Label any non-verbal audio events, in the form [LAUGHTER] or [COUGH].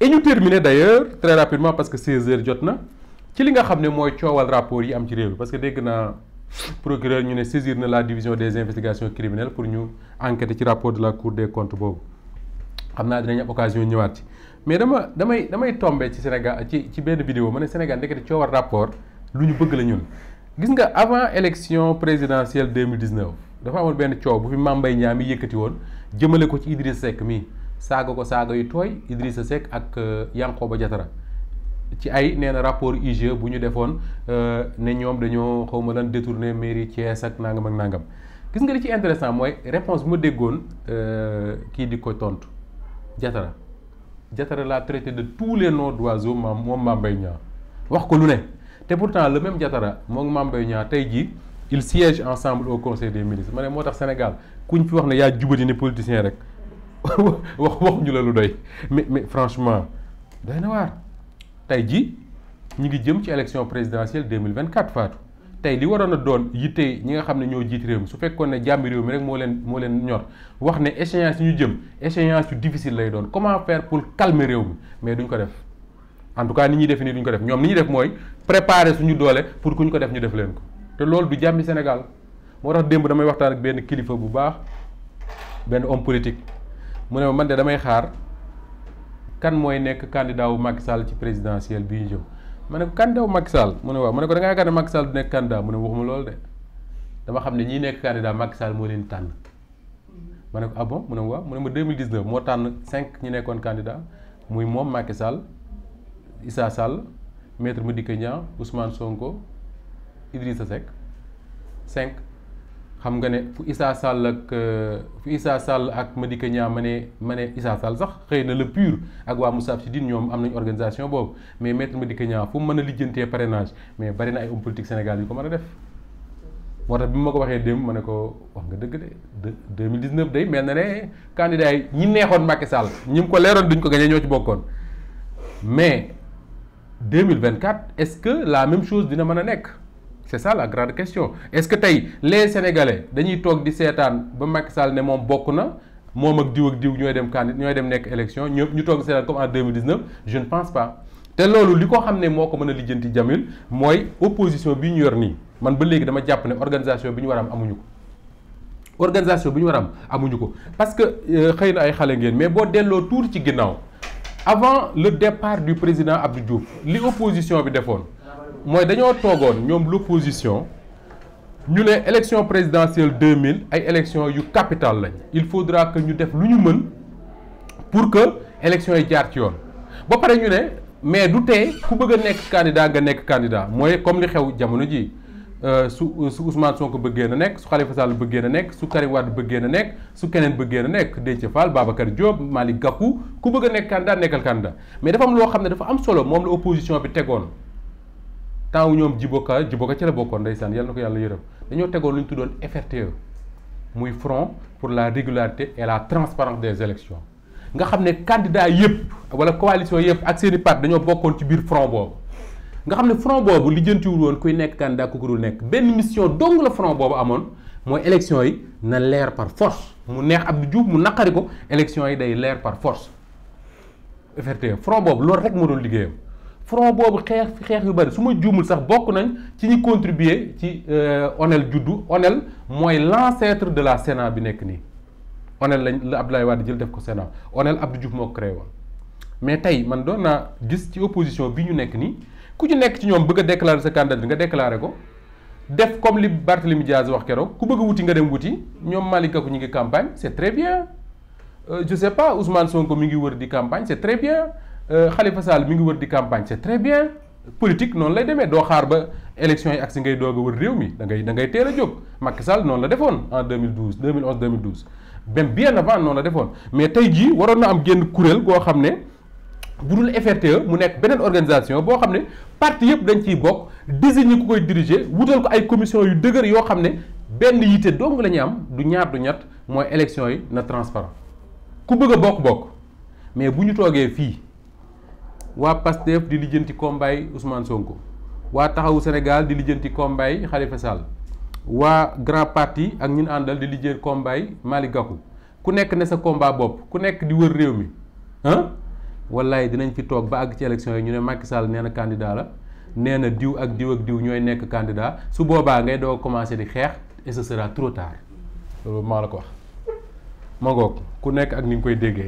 et ñu terminer d'ailleurs très rapidement parce que 16 heures jot na ci li nga xam ne mooy coowal rapport yi am ci réew mi parce que dégg naa procureur ñu ne saisir na la division des investigations criminelles pour ñu enquêter ci rapport de la cour des comptes boobu xam naa dinañ am occasion ñëwaat ci mais dama damay damay tombé ci Sénégal ci ci benn vidéo ma ne Sénégal ndekete coowal rapport lu ñu bëgg la ñun gis nga avant élection présidentielle 2019 dafa amoon benn coow bu fi Mame Mbaye Niang mi yëkkati woon jëmale ko ci Idriss Seck mii saaga ko saaga yu tooy Idrissa Seck ak euh, Yankhoba Diattara ci ay nee na rapport IGE bu ñu defoon euh, ne ñoom dañoo xaw ma lan détourné mairie Thiès ak nangam ak nangam gis nga li ci intéressant mooy réponse ma déggoon euh, kii di ko tontu Diattara Diattara l'a traité de tous les noms d'oiseaux maam moom Mame Mbaye Niang wax ko lu ne te pourtant le même Diattara moom Mame Mbaye Niang tey jii ils siègent ensemble au conseil des ministres ma moo tax Sénégal kuñ fi wax ne yaa jubati ne politicien rek [LAUGHS] wax waxuñu la lu doy mais mais franchement doy na waar tey jii ñu ngi jëm ci élection présidentielle deux mille vingt quatre Fatou tey li waroon a doon yitte ñi nga xam ne ñoo jiit réew mi su fekkoon ne jàmbi réew mi rek moo leen moo leen ñor wax ne échéance yu ñu jëm échéance yu difficile lay doon comment faire pour calmer réew mi mais duñ ko def en tout cas ni ñuy def nii duñ ko def ñoom ni ñuy def mooy préparer suñu doole pour kuñ ko def ñu def leen ko te loolu du jàmmi Sénégal moo tax démb damay waxtaan ak benn kilifa bu baax benn homme politique. mu ne ma man de damay xaar kan mooy nekk candidat wu Macky Sall ci présidentielle bi ñu jëm ma ne ko candidat wu Macky Sall mu ne waaw ma ne ko da ngaa yaakaar ne Macky Sall du nekk candidat mu ne waxuma loolu de dama xam ne ñi nekk candidat Macky Sall moo leen tànn ma ne ko ah bon mu ne waaw mu ne ma 2019 moo tànn cinq ñi nekkoon candidat muy moom Macky Sall Issa Sall maître Madické Niang Ousmane Sonko Idrissa Seck cinq xam nga ne fu Issa Sall ak euh, fu Issa Sall ak Madické Niang ma ne ma ne Issa Sall sax xëy na le pur ak waa Moussa Sidine ñoom am nañ organisation boobu mais maître Madické Niang fu mu mën a lijjantee parrainage mais bari na ay hommes politique Sénégal yu ko mën a def. moo tax bi ma ko waxee démb ma ne ko wax nga dëgg de deux mille dix neuf day mel na ne candidat yi ñi neexoon Macky Sall ñi ko leeroon duñ ko gañee ñoo ci bokkoon mais deux mille vingt quatre est-ce que la même chose dina mën a nekk. c'est ça la grande question est-ce que tey les sénégalais dañuy toog di seetaan ba Macky saal ne moom bokk na moom ak diw ak diw ñooy dem candidat ñooy dem nekk élection ñu ñu toog di seetaan comme en 2019 je ne pense pas te loolu li ko xam ne moo ko mën a lijjanti Jamil mooy opposition bi ñu yor nii man ba léegi dama jàpp ne organisation bi ñu war a am amuñu ko organisation bi ñu war am amuñu ko parce que euh, xëy na ay xale ngeen mais boo delloo tuuti ci ginnaaw avant le départ du président Abdou Diouf li opposition bi defoon mooy dañoo toogoon ñoom l'opposition ñu ne élection présidentielle 2000 ay élection yu capital lañ il faudra que ñu def lu ñu mën pour que élection yi jaar ci yoon ba pare ñu ne mais du tee ku bëgg a nekk candidat nga nekk candidat mooy comme li xew jamono ji euh, su euh, su Ousmane Sonko bëggee na nekk su Khalifa Sall bëggee na nekk su Karim Wade bëggee na su keneen bëggee na nekk Déthié Fall Babacar Diop Malick Gakou ku bëgg a nekk candidat nekkal candidat mais dafa am loo xam ne dafa am solo moom la opposition bi tegoon temps wu ñoom jiboka jiboka ci la bokkoon ndeysaan yàlla na ko yàlla yërëm dañoo tegoon lu ñu tuddoon FRTE muy front pour la régularité et la transparence des élections nga xam ne candidat yëpp wala coalition yëpp ak seeni i part dañoo bokkoon ci biir front boobu nga xam ne front boobu li jëntiwul woon kuy nekk candidat ku ko dul nekk benn mission dong la front boobu amoon mooy élection yi na leer par force mu neex Abdou Diouf mu naqari ko élection yi day leer par force FRTE front boobu loolu rek moo doon liggéeyam front boobu xeex xeex yu bari su ma juumul sax bokk nañ ci ñi contribuer ci euh, onel juddu onel mooy l'ancêtre de la Sénat bi nekk nii onel lañ la Abdoulaye Wade jël def ko Sénat onel Abdou Diouf moo ko créé mais tey man doon naa gis ci opposition bi ñu nekk nii ku ci nekk ci ñoom bëgg a déclarer sa candidat nga déclarer ko def comme li Barthélemy Diaz wax keroog ku bëgg a wuti nga dem wuti ñoom Malick ko ñu ngi campagne c'est très bien euh, je sais pas Ousmane mi ngi wër di campagne c'est très bien Euh, Khalifa Sall mi ngi wër di campagne c'est très bien politique noonu lay demee doo xaar ba élection yi ak si ngay doog a wër réew mi da ngay da ngay a jóg Macky Sall noonu la defoon en 2012 2011 2012 même bien avant noonu la defoon mais tey jii waroon na am génn kuréel goo xam ne bu dul FRTE mu nekk beneen organisation boo xam ne parti yëpp dañ ciy bokk désigner ku koy diriger wutal ko ay commission yu dëgër yoo xam ne benn yitte dong la am du ñaar ñett mooy élection yi na transparent ku bëgg a bokk-bokk mais bu ñu toogee fii waa PASTEF di lijjanti combat yi Ousmane Sonko waa taxawu Sénégal di lijjanti combat yi Khalifa waa grand parti ak ñun àndal di lijjanti combat yi Malick ku nekk ne sa combat bopp ku nekk di wër réew mi ah wallaay dinañ fi toog ba àgg ci élection yi ñu ne Macky Sall nee na candidat la nee na diw ak diw ak diw ñooy nekk candidat su boobaa ngay doo commencé di xeex et ce sera trop maa la ko wax ma ku nekk ak ni nga koy déggee.